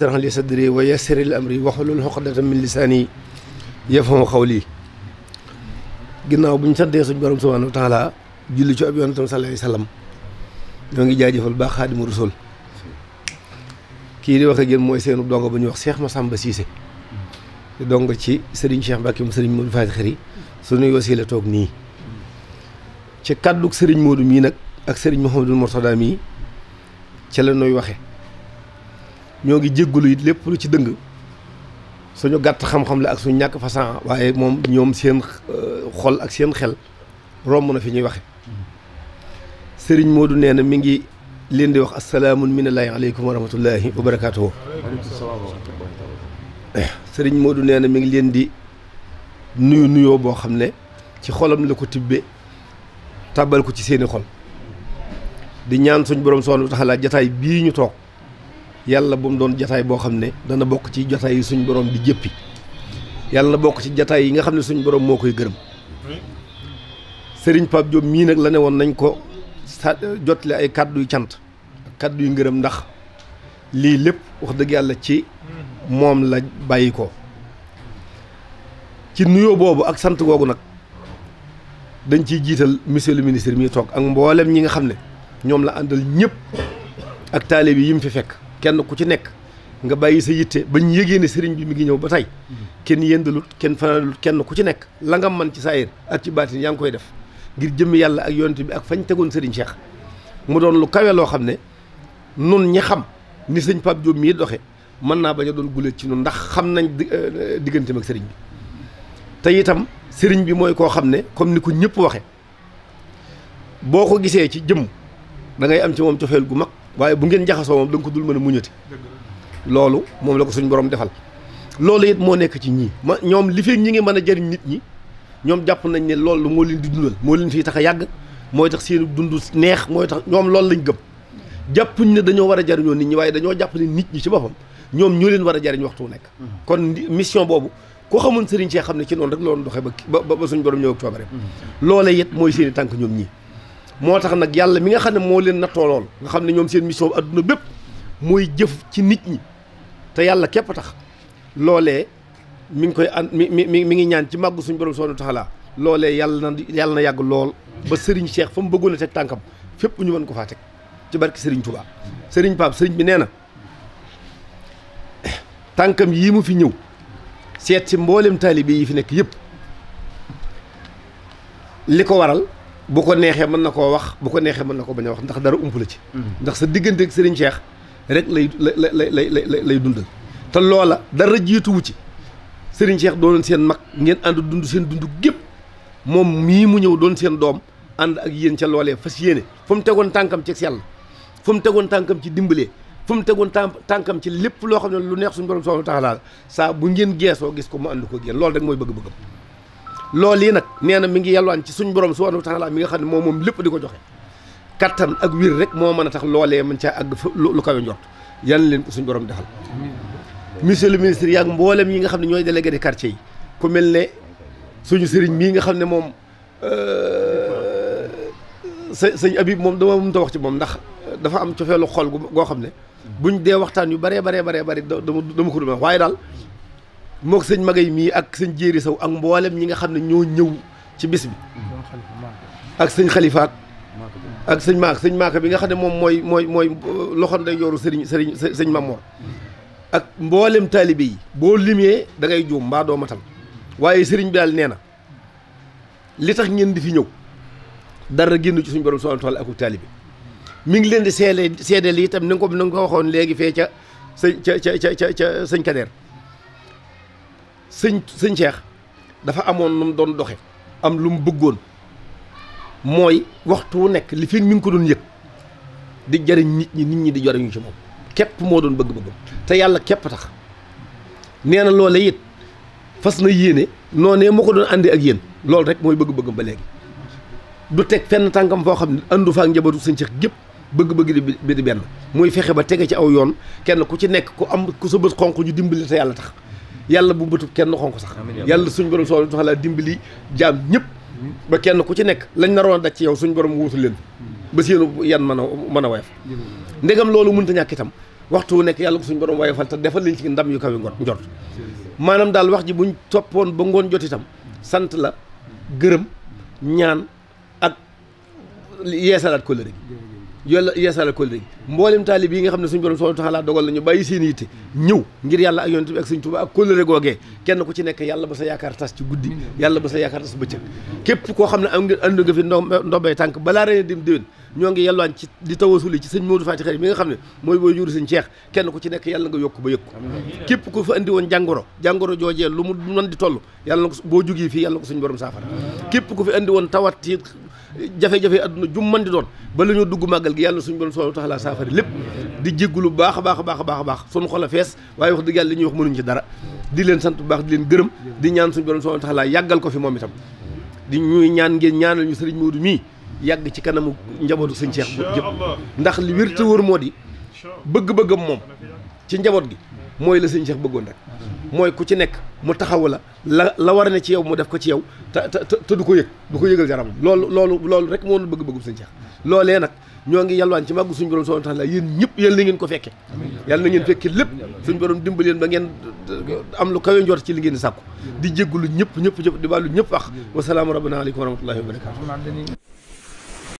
shrah li sadri wa yassir li amri wahlul uqdatan min lisaani yafqahu qawli ginnaaw bu ñu santee suñu borom subhaanahu wa taala julli ci ab yonentam sallallaahu alayhi wa sallam ñoo ngi jaajëfal baax Xaadimu Rasuul kii di wax ak yéen mooy seenu dongo bu ñuy wax Cheikh Massamba Cissé di dongo ci Serigne Cheikh Mbacke mu Serigne Modou Fatick xëri suñuy wasiila toog nii ci kàddug Serigne moodu mii nag ak Serigne Mouhamadou Mourtada mii ca la nooy waxe ñoo ngi jéggalu it lépp lu ci dëng suñu gàtt xam-xam la ak suñu ñàkk façon waaye moom ñoom seen euh, xol ak seen xel romb na fi ñuy waxe sëriñ Modou nee na mi ngi leen di wax asalaamu minallaahi aleykum wa rahmatullaahi wa barakaatuhu eh, sëriñ Modou nee na mi ngi leen di nuyu nuyoo boo xam ne ci xolam la ko tibbe tàbbal ko ci seeni xol di ñaan suñ borom soxna taxalaa jataay bii ñu toog yàlla bu mu doon jataay boo xam ne dana bokk ci jataay yi suñ borom di jëppi yàlla na bokk ci jataay yi nga xam ne suñu borom moo koy gërëm sëriñ Pape Diop mii nag la ne woon nañ ko sa jotle ay kàddu yu cant kàddu yu ngërëm ndax lii lépp wax dëgg yàlla ci moom la bàyyi ko ci nuyoo boobu ak sant googu nag dañ ciy jiital monsieur le ministre mi toog ak mbooleem ñi nga xam ne ñoom la àndal ñépp ak taalibe yi mu fi fekk kenn ku ci nekk nga bàyyi sa yitte bañ yëgee ne sëriñ bi mi ngi ñëw ba tey kenn yendalut kenn fanaanul kenn ku ci nekk la nga man ci saayir ak ci baatin yaa ngi koy def ngir jëmmi yàlla ak yonent bi ak fañ tegoon sëriñ Cheikh mu doon lu kawe loo xam ne nun ñi xam ni sëñ Pape Diop mii doxe mën naa bañ a doon guléet ci nun ndax xam nañ euh, digganteem ak sëriñ bi te itam sëriñ bi mooy koo xam ne comme ni ko ñëpp waxe boo ko gisee ci jëmm da ngay am ci moom cofeel gu mag waaye bu ngeen jaxasoo moom da ko dul mën a muñati loolu moom la ko suñ borom defal loolu it moo nekk ci ñii ma ñoom li fi ñi ngi mën a jëriñ nit ñi ñoom jàpp nañ ne loolu moo di dundal moo leen fii tax a yàgg mooy tax seen dund neex mooy tax ñoom loolu lañ gëm jàppuñ ne dañoo war a jariñoo nit ñi waaye dañoo jàpp ne nit ñi ci boppam ñoom ñoo leen war a jariñ waxtu nekk mm-hmm. kon mission boobu koo xamoon sëriñ see xam ne ci noonu rek loolu doxee ba ba suñ borom ñëw ak coobare mm-hmm. loolee it mooy seen i tànk ñoom ñii moo tax nag yàlla mi nga xam ne moo leen nattoo lool nga xam ne ñoom seen mission adduna bépp mooy jëf ci nit ñi te yàlla képp tax loolee mi ngi koy an mi mi mi ngi ñaan ci màgg suñu borom subhanahu wa taala loolee yàlla na yàlla na yàgg lool ba sëriñ Cheikh fa mu bëggoon a teg tànkam fépp ñu mën ko faa teg ci barke sëriñ Touba Serigne Pape sëriñ bi nee na tànkam yii mu fi ñëw seet si mboolem taalibe yi fi nekk yëpp li ko waral. bu ko neexee mën na koo wax bu ko neexee mën na ko bañ a wax ndax dara ump la ci. Hmm. ndax sa diggante ak Serigne Cheikh rek lay lay lay lay lay dundal te loola dara jiituwu ci Serigne Cheikh doonoon seen mag ngeen ànd dund seen dund gépp moom mii mu ñëw doon seen doom ànd ak yéen ca loolee fas yéene fu mu tegoon tànkam ci sell fu mu tegoon tànkam ci dimbalee fu mu tegoon tànkam ci lépp loo xam ne lu neex suñu borom subhanahu wa taala saa bu ngeen geesoo gis ko mu ànd ko génn loolu rek mooy bëgg-bëggam. lool yi nag nee na mi ngi yalwaan ci suñ borom subhanahu wa taala mi nga xam ne moom moom lépp di ko joxe kattan ak wir rek moo mën a tax loolee mën caa àgg lu kawe njort yan leen ko suñ boroom defal monsieur le ministre yaag mboolem yi nga xam ne ñooy délégué de quartier yi mel ne suñu sëriñ mii nga xam ne moom euh, sa sëñ Habib moom dama mënut a wax ci moom ndax dafa am cofeelu xol goo xam ne bu ñu dee waxtaan yu baree baree baree bari dama dama ko duma waaye daal mook sëñ magay mii ak sëñ jéeri saw ak mboolem ñi nga xam ne ñoo ñëw ci bis bi ak sëñ xalifa ak ak sëñ maak sëñ maaka bi nga xam ne moom mooy mooy mooy euh, loxo day yoru sëriñ sëriñ sëñ Mamor ak mboolem taalibe yi boo limee da ngay juum mbaa doo matal waaye sëriñ bi daal nee na li tax ngeen di fi ñëw dara génn ci suñu borom subhaanahu wa taala aku taalibe mi ngi leen di seede seedeel itam ni nga ko ni nga ko waxoon léegi fee ca sëñ ca ca ca ca ca sëñ Kader sëñ sëñ dafa amoon nu doon doxe am lu mu bëggoon mooy waxtu wu nekk li fi mi ngi ko doon yëg di jariñ nit ñi nit ñi di jariñu ci moom képp moo doon bëgg-bëggam te yàlla képp tax nee na loole it fas na yéene noonee moo ko doon àndee ak yéen loolu rek mooy bëgg bëgg ba léegi du teg fenn tànkam foo xam ne andu faak njabootu sëñ Cheikh gépp bëgg-bëgg di bi di benn muy fexe ba tege ci aw yoon kenn ku ci nekk ku am ku sa bët xonq ñu dimbali te yàlla tax yàlla bu bëtu kenn xonk sax yàlla suñ borom soo soxlaa dimbali jaam ñëpp ba kenn ku ci nekk lañ naroon a daj ci yow suñu borom wuutu leen ba séenu yan man a mën a woyof ndegam loolu mun mënta ñàkk itam waxtu wu nekk yàlla ko suñ borom woyofal te defal liñ ci ndam yu kaw ngot njort maanaam daal wax ji buñ toppoon ba ngoon jot itam sant la gërëm ñaan ak salaat ko lëri yàlla yeesala kóllëre mboolem taalib yi nga xam ne suñu borom subhaanahu wa taala dogal nañu bàyyi seen yitte ñëw ngir yàlla ak yonent bi ak Sëriñ Tuubaa ak kóllëre googee kenn ku ci nekk yàlla ba sa yaakaar ci guddi yàlla ba sa yaakaar tas bëccëg képp koo xam ne am nga ànd nga fi ndombay tànk balaa ren dim déwén ñoo ngi yelwaan ci di tawasuli ci sëñ Modou Fati Xari mi nga xam ne mooy booy juru sëñ Cheikh kenn ku ci nekk yàlla nga yokk ba yëkku képp ko fa andi woon jàngoro jàngoro joojee lu mu mën di toll yàlla na ko boo jugee fii yàlla na ko suñ borom saafara képp ku fi andi woon tawat ci jafe-jafe adduna jum mën di doon ba la ñoo dugg màggal gi yàlla na suñ borom soo tax taala saafara lépp di jéggulu baax a baax a baax a baax a baax suñu xol a fees waaye wax dëgg yàlla li ñuy wax mënuñ ci di leen sant bu di leen gërëm di ñaan suñ borom subhanahu wa taala yàggal ko fi moom itam di ñuy ñaan ngeen ñaanal ñu sëriñ Modou mii yàgg ci kanamu njabootu sëñ Cheikh jëpp ndax li wér te wóor moo di bëgg-bëggam moom ci njaboot gi mooy la sëñ Cheikh bëggoon mooy ku ci nekk mu taxaw la la la war ne ci yow mu def ko ci yow te te te du ko yëg du ko yëgal loolu loolu loolu rek moo doon bëgg-bëggum sëñ Cheikh loolee nag ñoo ngi yalwaan ci màggu suñu borom subhanahu wa taala yéen ñëpp yal na ngeen ko fekke yal na ngeen fekke lépp suñu borom ba ngeen lu kawe njort ci li ngeen di sàkku di jéggalu ñëpp ñëpp ñëpp di baalu ñëpp ax wasalaamu rabbana aleykum wa rahmatullahi wa barakatu